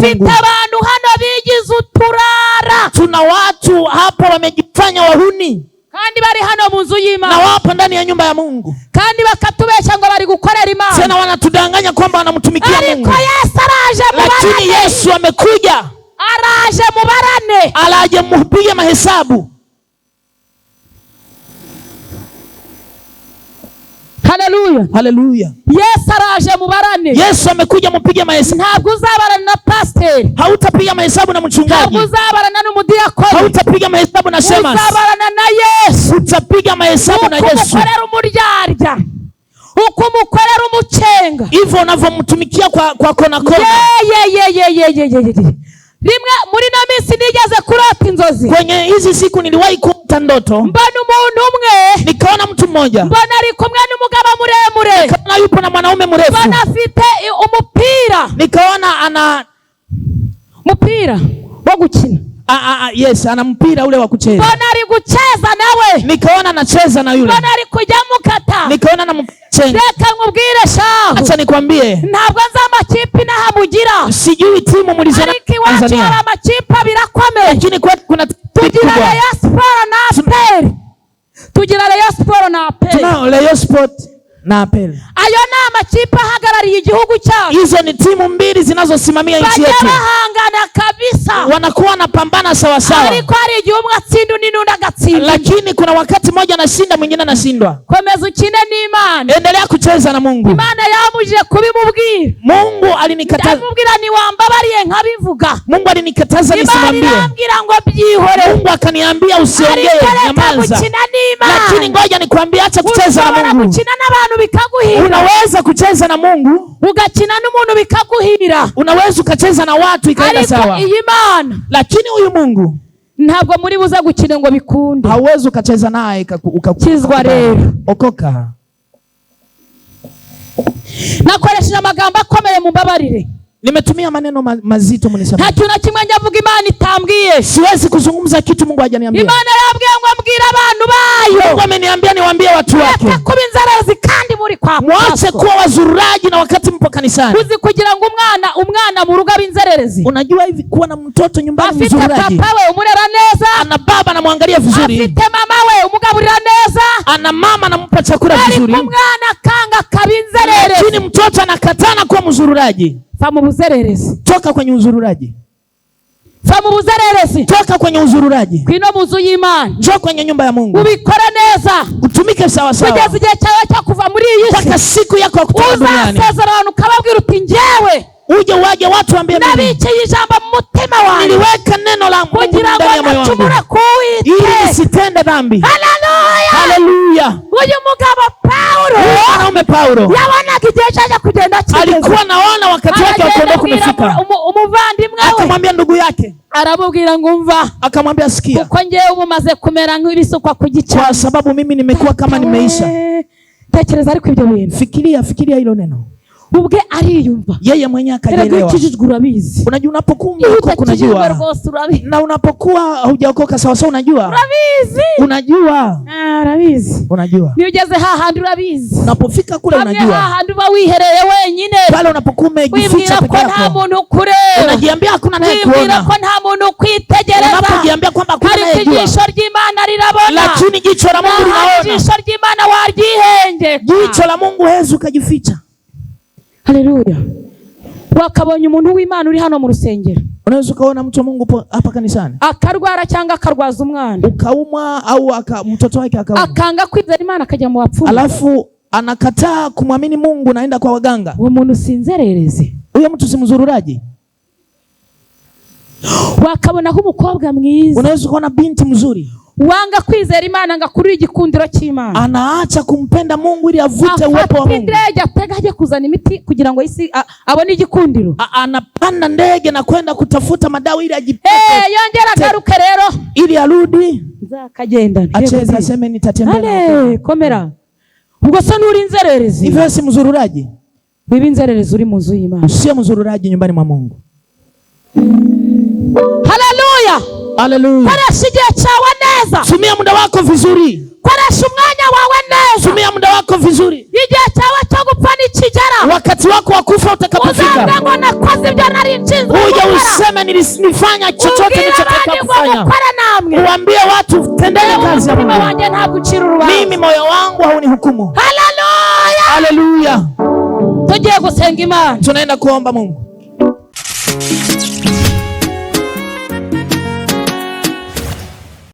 Fite abantu hano bigize uturara. Tuna watu hapa wamejifanya wahuni kandi bari hano mu nzu y'Imana na wapo ndani ya nyumba ya Mungu kandi bakatubesha ngo bari gukorera Imana, tena wanatudanganya kwamba wanamtumikia Mungu. Ariko Yesu araje mubarane, lakini Yesu amekuja, araje mubarane, araje mupiga mahesabu Haleluya. Haleluya. Yesu araje mubarane. Yesu amekuja mupige mahesabu. Ntabwo uzabarana na pastor. Hautapiga mahesabu na mchungaji. Ntabwo uzabarana na mudiakoni. Hautapiga mahesabu na shemasi. Uzabarana na Yesu. Utapiga mahesabu na Yesu. Ukumkorera umuryarya. Ukumukorera umucenga. Hivyo unavyomtumikia kwa kwa kona kona. Yeye yeye yeye yeye rimwe muri ino minsi nigeze kurota inzozi kwenye hizi siku niliwahi kuota ndoto mbona umuntu umwe nikaona mtu mmoja mbona ari kumwe n'umugabo muremure nikaona yupo na mwanaume mrefu mbona afite umupira nikaona ana mupira wo gukina Ah, ah, ah, yes, ana mpira ule wa kucheza. Mbona alikucheza nawe? Nikaona anacheza na yule. Mbona alikuja mukata? Nikaona anamchenga. Reka nkubwire shaho. Acha nikwambie. Ntabwo nza na nahamugira. Sijui timu mulizo na Tanzania. Ari amakipa birakome. Lakini kwa kuna tugira Rayon Sport na Aperi. Tugira Rayon Sport na Aperi. Tunao Rayon Sport na n'aperi ayo ni amakipe ahagarariye igihugu cyacu hizo ni timu mbili zinazosimamia nchi yetu bahangana kabisa wanakuwa na pambana sawa sawasawa ariko hari igihe umwe atsinda undi n'undi agatsinda lakini kuna wakati mmoja anashinda mwingine anashindwa komeza ukine n'imana endelea kucheza na mungu imana yambujije kubimubwira mungu alinikataza ndamubwira niwambabariye nkabivuga mungu alinikataza nisimambie irambwira ngo byihore mungu akaniambia usiongee nyamaza lakini ngoja nikwambie acha kucheza na mungu gukina n'abantu unaweza kucheza na mungu ugakina n'umuntu bikaguhira unaweza ukacheza na watu ikaenda sawa iyi mana lakini uyu mungu ntabwo muri buza gukina ngo bikunde hauwezi ukacheza naye ukakizwa rero okoka amagambo akomeye mumbabarire Nimetumia maneno mazito munisamehe. Nta kintu kimwe ndavuga Imana itambwiye. Siwezi kuzungumza kitu Mungu hajaniambia. Imana yabwiye ngo ambwire abantu bayo. Mungu ameniambia niwaambie watu wake. Mwache kuba inzarazi kandi muri kwa Mwache kuwa wazuraji na wakati mpo kanisani. Uzi kugira ngo umwana umwana mu rugo ab'inzererezi. Unajua hivi kuwa na mtoto nyumbani mzuri. Afite papa we umurera neza. Ana baba anamwangalia vizuri. Afite mama we umugaburira neza. Ana mama anampa chakula vizuri. Ari kumwana kanga kabinzererezi. Lakini mtoto anakatana uzururaji. Famu buzererezi. Toka kwenye uzururaji. Famu buzererezi. Toka kwenye uzururaji. Kwino muzu y'Imana. Njo kwenye nyumba ya Mungu. Ubikore neza. Utumike sawa sawa. Kugeza igihe cyawe cyo kuva muri iyi si. Mpaka siku yako kutoka duniani. Uzasezera abantu ukababwira uti njewe. uje waje watu waambie mimi. Nabikiye ijambo mu mutima wangu. Niliweka neno la Mungu ndani ya moyo wangu. Kugira ngo nitubu kuite. Ili nisitende dhambi. Haleluya uyu mugabo Paulo mwanaume Paulo yabonaga igihe cyaje kugenda kigeze, alikuwa na wana wakati wake wakwenda kumefika. Umuvandimwe we akamwambia ndugu yake, aramubwira ngo umva, akamwambia sikia, kuko ngewe ubu maze kumera nk'ibisukwa ku gica, kwa sababu mimi nimekuwa kama nimeisha. Eh, Tekereza ariko ibyo bintu, fikiria, fikiria hilo neno ubwe ariyumva, yeye mwenyewe akajielewa. Urabizi, unajua unapokuwa unajua, na unapokuwa hujaokoka sawa sawa, unajua urabizi, unajua ah, urabizi, unajua ni ujeze hahandi, urabizi unapofika kule, unajua hahandi uba wihereye wenyine pale, unapokuwa umejificha peke yako, nta muntu kureba, unajiambia hakuna naye kuona, ko nta muntu kwitegereza, unapojiambia kwamba kuna naye jua, jisho ry'Imana rirabona, lakini jicho la Mungu linaona, jisho ry'Imana waryihenge, jicho la Mungu hezu kajificha Haleluya. Wakabonye umuntu w'Imana uri hano mu rusengero. Unaweza ukaona mtu wa Mungu hapa kanisani. Akarwara cyangwa akarwaza umwana. Ukaumwa au mtoto wake akaumwa. Akanga kwizera Imana akajya mu wapfumu. Alafu anakataa kumwamini Mungu naenda kwa waganga. Uwo muntu sinzerereze. Huyo mtu simzururaji. Wakabona umukobwa mwiza. Unaweza ukaona binti mzuri. wanga kwizera imana ngo akurure igikundiro cy'imana anaacha kumpenda mungu ili avute uwepo wa mungu ndege atega aje kuzana imiti kugira ngo isi abone igikundiro anapanda ndege na kwenda kutafuta madawa ili ajipate hey, eh, yongera agaruke rero ili arudi nzakagenda acheze aseme nitatembea komera ubwo so nuri inzererezi hivyo wewe si mzururaji wewe inzererezi uri mu nzu y'imana sio mzururaji nyumbani mwa mungu haleluya Haleluya. Sijachawa neza. Tumia muda wako vizuri. Koresha umwanya wawe neza. Tumia muda wako vizuri. Igihe cyawe cyo pani chijara. Wakati wako wa kufa utakapofika. Uzavuga nakoze ibyo nari nshinzwe. Uje useme nilifanya chochote nilichotaka kufanya. Uambie watu tendele kazi ya Mungu. Mimi moyo wangu haunihukumu. Haleluya. Haleluya. Tugiye gusenga Tunaenda kuomba Mungu.